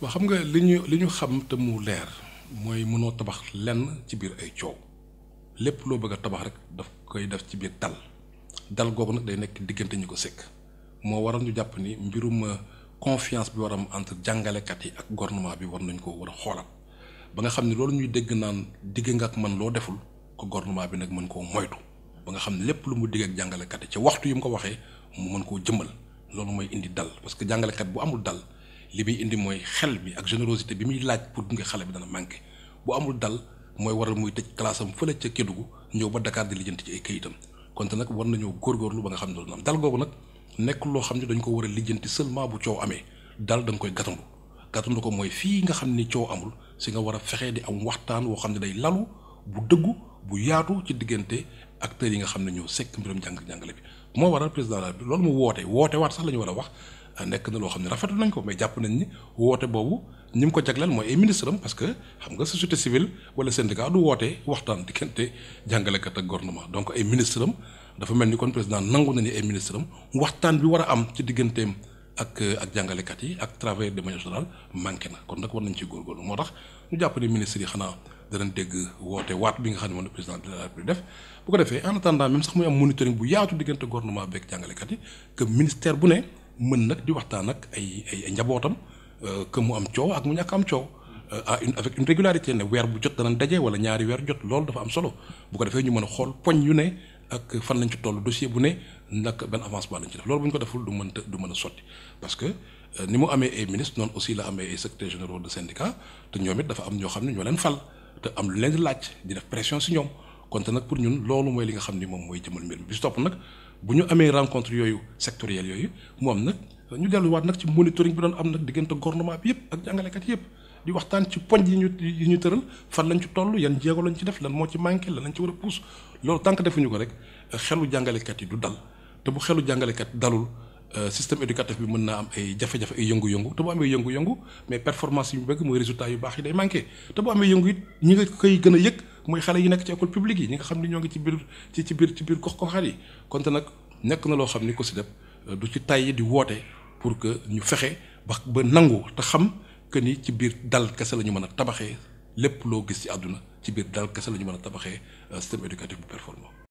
waa xam nga li ñu li ñu xam te mu leer mooy mënoo tabax lenn ci biir ay coow lépp loo bëgg tabax rek daf koy def ci biir dal dal googu nag day nekk diggante ñu ko sëkk moo waral ñu jàpp ni mbirum euh, confiance bi war am entre jàngalekat yi ak gouvernement bi war nañ koo war a xoolal ba nga xam ne loolu ñuy dégg naan digg nga ak man loo deful ko gouvernement bi nag mën koo moytu ba nga xam ne lépp lu mu digg ak jàngalekat yi ci waxtu yi mu ko waxee mu mën koo jëmmal loolu mooy indi dal parce que jàngalekat bu amul dal. li muy indi mooy xel bi ak générosité bi muy laaj pour gunge xale bi dana manqué bu amul dal mooy waral muy tëj classe am fële ca Kédougou ñëw ba Dakar di lijjanti ci ay kayitam konte nag war nañoo góorgóorlu ba nga xam ne loolu am dal googu nag nekk loo xam ne dañ ko war a lijjanti seulement bu coow amee dal da nga koy gàttandu gàttandu ko mooy fii nga xam ni coo amul si nga war a fexee di am waxtaan woo xam ne day lalu bu dëggu bu yaatu ci diggante acteurs yi nga xam ne ñëw sekk mbirum jàng jàngale bi moo waral président de la République loolu mu woote woote waat sax la ñu war a wax Euh, nekk na loo xam ne rafetlu nañ ko mais jàpp nañ ni woote boobu ñi mu ko jagleel mooy ay ministre am parce que xam nga société civile wala syndicat du wootee waxtaan diggante jàngalekat ak gouvernement donc ay ministre am dafa mel ni kon président nangu na ay ministre am waxtaan bi war a am ci digganteem ak euh, ak jàngalekat yi ak travailleurs de manière générale manqué na kon nag war nañ ci góorgóorlu moo tax ñu jàpp ne ministres yi xanaa danañ dégg woote waat bi nga xam ne moom la président de la République def bu ko defee en attendant même sax muy am monitoring bu yaatu diggante gouvernement beeg jàngalekat yi que ministère bu ne mën nag di waxtaan ak ay ay njabootam euh, que mu am coow ak mu ñàkk am coow a euh, une avec une régularité ne weer bu jot danañ daje wala ñaari weer jot loolu dafa am solo bu ko defee ñu mën a xool poñ yu ne ak fan lañ ci toll dossier bu ne nag benn avancement lañ ci def loolu bu ñu ko deful du mën du mën a sotti parce que euh, ni mu amee ay ministres noonu aussi la amee ay secrétaires généraux de syndicat te ñoom it dafa am ñoo xam ne ñoo leen fal te am lu leen laaj di def pression si ñoom. kon te nag pour ñun loolu mooy li nga xam ni moom mooy jëmal mbir mi bi si topp nag bu ñu amee rencontre yooyu sectoriel yooyu mu am nag ñu delluwaat nag ci monitoring bi doon am nag diggante gouvernement bi yëpp ak jàngalekat yëpp di waxtaan ci poñ yi ñu yi ñu tëral fan lañ ci toll yan jéego lañ ci def lan moo ci manqué lan lañ ci war a puus loolu tant que defuñu ko rek xelu jàngalekat yi du dal te bu xelu jàngalekat dalul Euh, système éducatif bi mën naa am ay jafe-jafe ay yëngu-yëngu te bu amee yëngu-yëngu mais performance yu bëgg mooy résultat yu baax yi day manqué te bu amee yëngu it ñi nga koy gën a yëg mooy xale yi nekk ci école publique yi ñi nga xam ni ñoo ngi ci biir ci ci biir ci biir gox goxaat yi kon nag nekk na loo xam ni ko si def euh, du ci tàyyi di woote pour que ñu fexe ba ba nangu te xam que ni ci biir dal kese la ñu mën a tabaxee lépp loo gis ci àdduna ci biir dal kese la ñu mën a tabaxee euh, système éducatif bu